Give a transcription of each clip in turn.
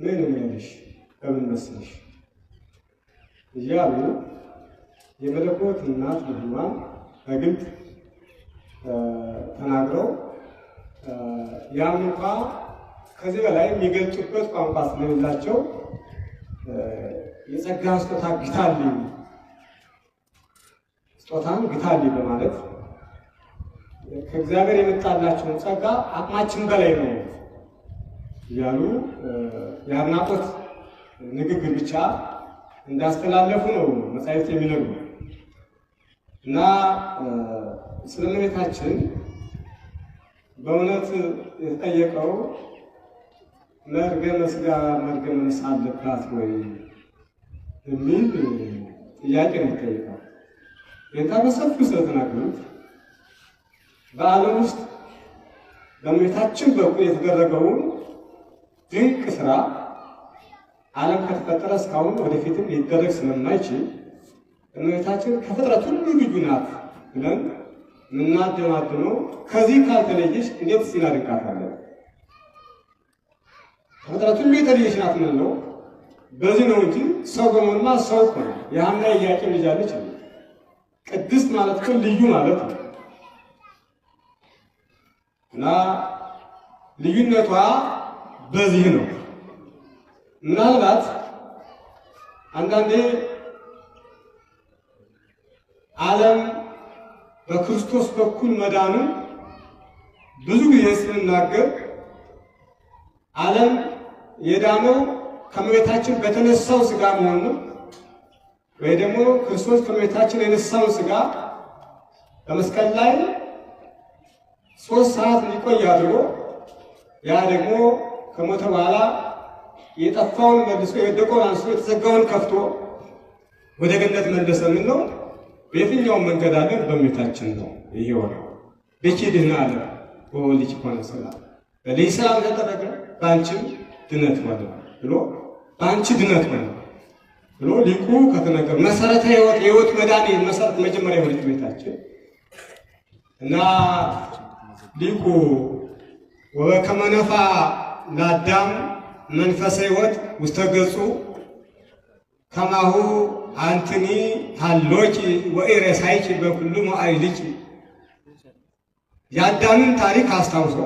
ምን የሚልሽ በምን መስልሽ እያሉ የመለኮት እናት መሆኗን በግልጥ ተናግረው ያም እንኳ ከዚህ በላይ የሚገልጡበት ቋንቋ ስለሌላቸው የጸጋ ስጦታ ግታልኝ ስጦታን ግታልኝ በማለት ከእግዚአብሔር የመጣላቸውን ጸጋ አቅማችን በላይ ነው እያሉ የአድናቆት ንግግር ብቻ እንዳስተላለፉ ነው መጻሕፍት የሚነግሩ እና ስለ እመቤታችን በእውነት የተጠየቀው መርገመ ሥጋ መርገመ ነፍስ አለባት ወይ የሚል ጥያቄ ነው የተጠየቀው። ጌታ በሰፊው ስለተናገሩት በዓለም ውስጥ በእመቤታችን በኩል የተደረገውን ድንቅ ስራ ዓለም ከተፈጠረ እስካሁን ወደፊትም ሊደረግ ስለማይችል እመቤታችን ከፍጥረት ሁሉ ልዩ ናት ብለን የምናደማድመው ከዚህ ካልተለየች እንዴት እናደንቃታለን? ከፍጥረት ሁሉ የተለየች ናት ምንለው በዚህ ነው እንጂ ሰው በመማ ሰው እኮ ነው። የሐና ኢያቄም ልጅ አለች። ቅድስት ማለት ግን ልዩ ማለት ነው እና ልዩነቷ በዚህ ነው። ምናልባት አንዳንዴ ዓለም በክርስቶስ በኩል መዳኑ ብዙ ጊዜ ስንናገር ዓለም የዳነው ከመቤታችን በተነሳው ስጋ መሆኑ ወይ ደግሞ ክርስቶስ ከመቤታችን የነሳውን ስጋ በመስቀል ላይ ሶስት ሰዓት እንዲቆይ አድርጎ ያ ደግሞ ከሞተ በኋላ የጠፋውን መልሶ የወደቀውን አንስቶ የተዘጋውን ከፍቶ ወደ ገነት መለሰ። ምን ነው በየትኛውም መንገድ አለ በእመቤታችን ነው። ይሄ ወራ በቺ ድህና አለ ወልጅ ኮነ ሰላም በልጅ ሰላም ተደረገ በአንቺም ድነት ሆነ ብሎ በአንቺ ድነት ሆነ ብሎ ሊቁ ከተነገረ መሰረተ ህይወት የህይወት መዳን መሰረት መጀመሪያ የሆነች እመቤታችን እና ሊቁ ወከመነፋ ለአዳም መንፈሰ ሕይወት ውስተ ገጹ ከማሁ አንትኒ ታሎቂ ወኢሬሳይቂ በኩሉ ሞአይ ልቂ የአዳምን ታሪክ አስታውሶ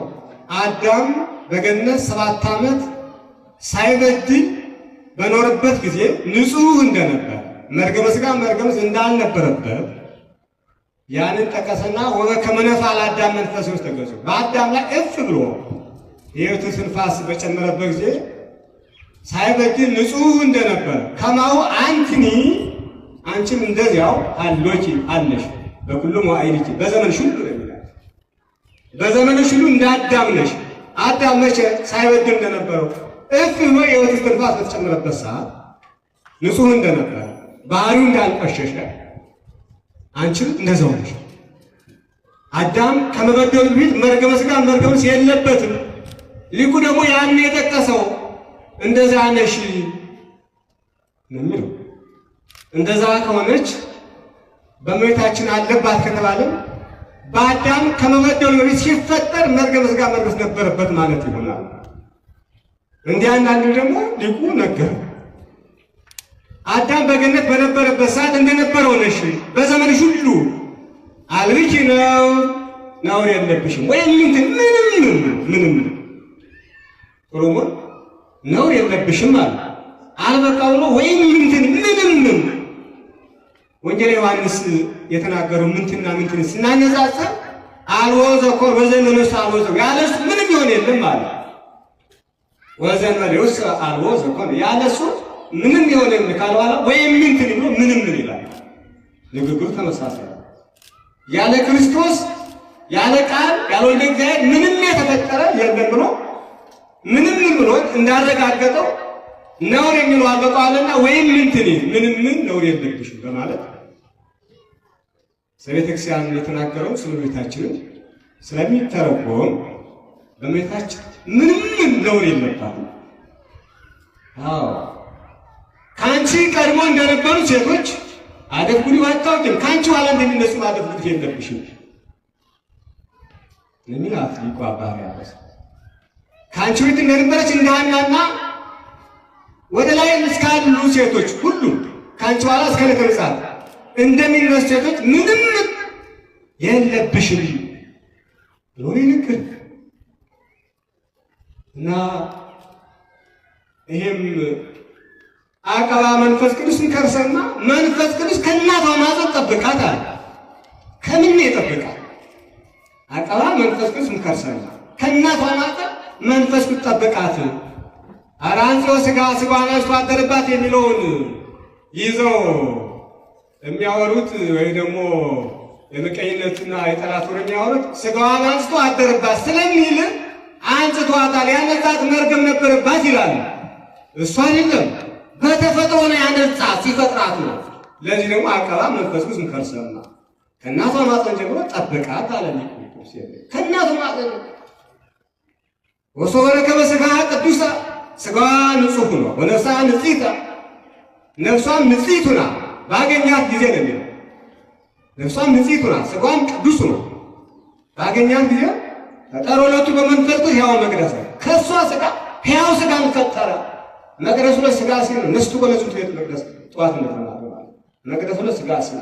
አዳም በገነት ሰባት ዓመት ሳይበድል በኖርበት ጊዜ ንጹሕ እንደነበር መርገመ ሥጋ መርገምስ እንዳልነበረበት ያንን ጠቀሰና ወበከመ ነፍሐ ለአዳም መንፈሰ ሕይወት ውስተ ገጹ በአዳም ላይ እፍ ብሎ የሕይወቱ ንፋስ በጨመረበት ጊዜ ሳይበድል ንጹህ እንደነበር ከማው አንትኒ አንቺም እንደዚያው አሎች አለሽ በኩሉም መዋዕልኪ በዘመን ሽሉ በዘመን ሽሉ እንዳዳምነሽ አዳም መቼ ሳይበድል እንደነበረው እፍ ብሎ የሕይወቱ ንፋስ በተጨመረበት ሰዓት ንጹህ እንደነበረ ባህሪው እንዳልቆሸሸ አንቺም እንደዚያው ነሽ። አዳም ከመበደሉ ፊት መርገመ ሥጋ መርገምስ የለበትም። ሊቁ ደግሞ ያን የጠቀሰው እንደዛ ነሽ ነው እንደዛ ከሆነች በእመቤታችን አለባት ከተባለ በአዳም ከመበደሉ በፊት ሲፈጠር መርገመ ሥጋ መልበስ ነበረበት ማለት ይሆናል። እንዲህ አንዳንዱ ደግሞ ሊቁ ነገር አዳም በገነት በነበረበት ሰዓት እንደነበረው ነሽ፣ በዘመንሽ ሁሉ አልብኪ ነው ነውር የለብሽም ወይም ምንም ምንም ምንም ሮሙን ነውር የለብሽም አለ። አልበቃ ብሎ ወይም ምንትን ምንም ወንጀል ወንጌል ዮሐንስ የተናገረው ምንትና ምንትን ስናነጻጽር አልወዘ ኮር ወዘመኖስ አልወዘ ያለሱ ምንም ይሆን የለም አለ። ወዘመኖስ አልወዘ ኮር ያለሱ ምንም ይሆን የለም ካልዋላ ወይም ምንትን ብሎ ምንም ምን ይላል። ንግግሩ ተመሳሳይ ያለ ክርስቶስ ያለ ቃል ያለ ወልደ እግዚአብሔር ምንም የተፈጠረ የለም ብሎ ምንም ምን ምኖር እንዳረጋገጠው ነውር የሚለው አልበቃዋልና ወይም ምንትን ምንም ምን ነውር የለብሽም በማለት ስለ ቤተክርስቲያን የተናገረው ስለ ቤታችንን ስለሚተረጎም በመታችን ምንም ምን ነውር የለባት። አዎ ከአንቺ ቀድሞ እንደነበሩ ሴቶች አደፍ ጉዲፍ አታውቂም፣ ከአንቺ ኋላ እንደሚነሱ አደፍ የለብሽም የሚል አፍሊቆ አባሪ ከአንቺ በፊት እንደነበረች እንደ ሐናና ወደ ላይ እስካሉ ሴቶች ሁሉ ከአንቺ በኋላ እስከ ለተነጻት እንደሚነሱ ሴቶች ምንም የለብሽም ብሎ ይንግር እና ይሄም አቀባ መንፈስ ቅዱስን ከርሰና መንፈስ ቅዱስ ከእናቷ ማህፀን ጠብቃት አለ። ከምን ነው አቀባ መንፈስ ቅዱስን ከርሰና ከእናቷ ማህፀን መንፈስ ብትጠብቃት አራንጾ ስጋ ስጋዋን አሽቶ አደረባት የሚለውን ይዘው የሚያወሩት ወይ ደግሞ የምቀኝነትና የጠላት ወር የሚያወሩት ስጋዋን አንስቶ አደረባት ስለሚል አንጽቷታል። ያነጻት መርገም ነበረባት ይላል። እሱ አይደለም፣ በተፈጥሮ ነው ያነጻት፣ ሲፈጥራት ነው። ለዚህ ደግሞ አቀባ መንፈስ ቅዱስ ከርሰማ ከእናቷ ማጠን ጀምሮ ጠበቃት አለ። ከእናቱ ማጠን ወሶበ ረከበ ሥጋሃ ቅዱሳ ሥጋዋ ንጹሕ ነው። ወነፍሳ ንጽሕታ ነፍሷም ንጽሕት ሆና ባገኛት ጊዜ ነው የሚለው። ነፍሷም ንጽሕት ሆና ሥጋዋም ቅዱስ ነው ባገኛት ጊዜ ፈጠሮ ለቱ ሕያው መቅደስ ነው። ከእሷ ሥጋ ሕያው ሥጋን ፈጠረ። መቅደሱ ላይ ሥጋ ሲል ንስቱ በነጹት ቤት መቅደስ ጠዋት እንደተናገ መቅደሱ ላይ ሥጋ ሲል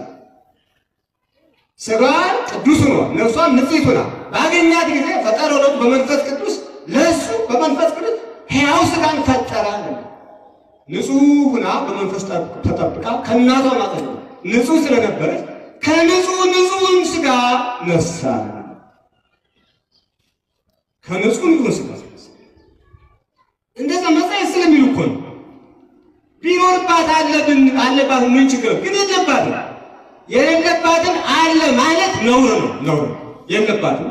ሥጋዋን ቅዱስ ነው ነፍሷም ንጽሕት ሆና ባገኛት ጊዜ ፈጠሮ በመንፈስ ቅዱስ ለእሱ በመንፈስ ቅዱስ ሕያው ስጋን ፈጠረ። ንጹሕ ሁና በመንፈስ ተጠብቃ ከእናቷ ማጠኝ ንጹህ ስለነበረች ከንጹሕ ንጹህን ስጋ ነሳ። ከንጹሕ ንጹሕን ስጋ እንደዛ መጽሐፍ ስለሚሉ እኮ ነው። ቢኖርባት አለብን አለባት ምን ችግር ግን የለባትም። የሌለባትን አለ ማለት ነውር ነው። ነውር የለባትም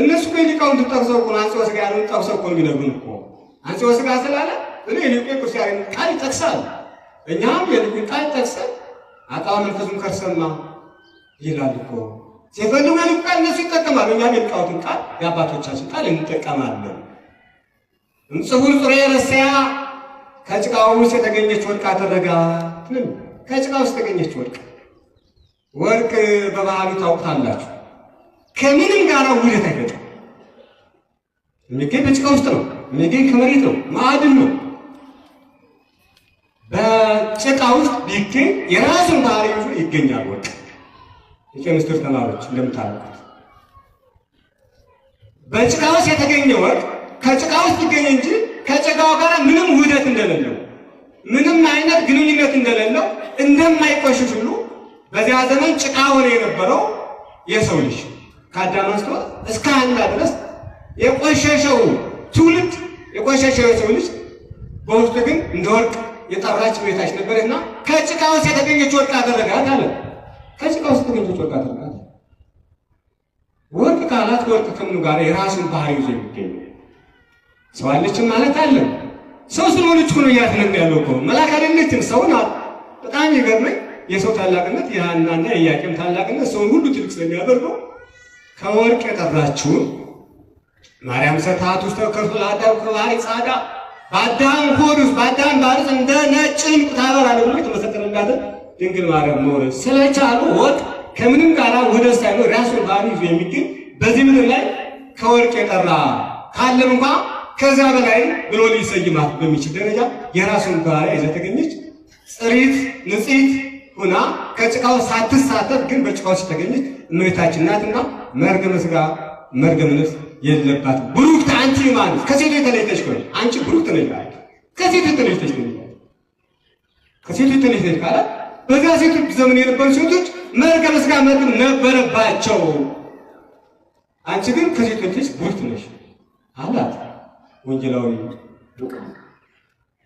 እነሱ ግን ሊቃውንት ጠቅሰው እኮ ነው አንጽሖ ሥጋ ያለውን ጠቅሰው እኮ ነው የሚነግሩን እኮ አንጽሖ ሥጋ ስላለ እኔ ሊቁ ቅዱስ ያሬድ ቃል ይጠቅሳል። እኛም የሊቁን ቃል ጠቅሰን አጣው መንፈሱን ከርሰማ ይላል እኮ ሲፈልጉ የሊቁ ቃል እነሱ ይጠቀማሉ። እኛም የሊቃውንትን ቃል የአባቶቻችን ቃል እንጠቀማለን። እምጽሑፍ ጽሬ ረስያ ከጭቃው ውስጥ የተገኘች ወርቅ አደረጋ። ከጭቃ ውስጥ የተገኘች ወርቅ ወርቅ በባህሉ ታውቁታላችሁ። ከምንም ጋር ውህደት አይገጥም። የሚገኝ በጭቃ ውስጥ ነው። የሚገኝ ከመሬት ነው፣ ማዕድን ነው። በጭቃ ውስጥ ቢገኝ የራሱን ባህሪ ይዞ ይገኛል። ወርቅ የኬሚስትሪ ተማሪዎች እንደምታውቁት በጭቃ ውስጥ የተገኘ ወርቅ ከጭቃ ውስጥ ይገኝ እንጂ ከጭቃው ጋር ምንም ውህደት እንደሌለው ምንም አይነት ግንኙነት እንደሌለው እንደማይቆሽሽ ሁሉ በዚያ ዘመን ጭቃ ሆነ የነበረው የሰው ልጅ ከአዳም እስከ አንዳ ድረስ የቆሸሸው ትውልድ የቆሸሸው የሰው ልጅ በውስጡ ግን እንደ ወርቅ የጠራች ቤታች ነበር እና ከጭቃ ውስጥ የተገኘች ወርቅ አደረጋት አለ። ከጭቃ ውስጥ የተገኘች ወርቅ አደረጋት። ወርቅ ካላት ወርቅ ከምኑ ጋር የራሱን ባህሪ ይዞ የሚገኝ ሰው አለችም ማለት አለ። ሰው ስለሆነች ሆኖ እያትነም ያለው እኮ መልአክ አይደለችም፣ ሰው በጣም ይገርመኝ የሰው ታላቅነት የሐናና የኢያቄም ታላቅነት ሰውን ሁሉ ትልቅ ስለሚያደርገው ከወርቅ የጠራችውን ማርያም ሰታት ውስጥ ከርሱል አዳም ከባህሪ ጻዳ በአዳም ሆድ ውስጥ በአዳም ባርጽ እንደ ነጭ ዕንቁ ታበራለች ብሎ የተመሰከረላትን ድንግል ማርያም መውለድ ስለቻሉ ወርቅ ከምንም ጋር ወደ ሳይኖር ራሱን ባህሪ ይዞ የሚገኝ በዚህ ምድር ላይ ከወርቅ የጠራ ካለም እንኳ ከዚያ በላይ ብሎ ሊሰይማት በሚችል ደረጃ የራሱን ባህሪ ይዘ ተገኘች ጽሪት ንጽሕት ሁና ከጭቃው ሳትሳተፍ ግን በጭቃው ስተገኘች እመቤታችን ናትና መርገመ ሥጋ መርገመ ነፍስ የለባት። ብሩክት አንቺ ማለት ከሴት የተለይተሽ ከሆነ አንቺ ብሩክት ነሽ ማለት ከሴት የተለይተሽ ነው። ከሴት የተለይተሽ ካለ በዛ ሴት ዘመን የነበሩ ሴቶች መርገመ ሥጋ መርገም ነበረባቸው። አንቺ ግን ከሴት የተለይተሽ ብሩክት ነሽ አላት ወንጌላዊ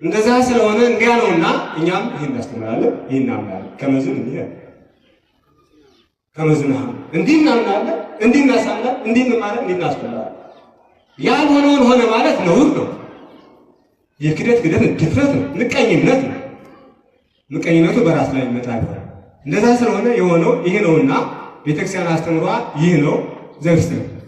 እንደዛ ስለሆነ እንዲያ ነውና እኛም ይህን እናስተምራለን፣ ይህን እናምናለን። ከመዝን እንዲ ከመዝን እንዲህ እናምናለን፣ እንዲህ እናሳምናል፣ እንዲህ እንማለን፣ እንዲህ እናስተምራለን። ያልሆነውን ሆነ ማለት ነውር ነው። የክደት ክደት ድፍረት ነው፣ ምቀኝነት ነው። ምቀኝነቱ በራስ ላይ ይመጣ ይሆናል። እንደዛ ስለሆነ የሆነው ይህ ነውና ቤተክርስቲያን አስተምሯ ይህ ነው ዘርስ ነው።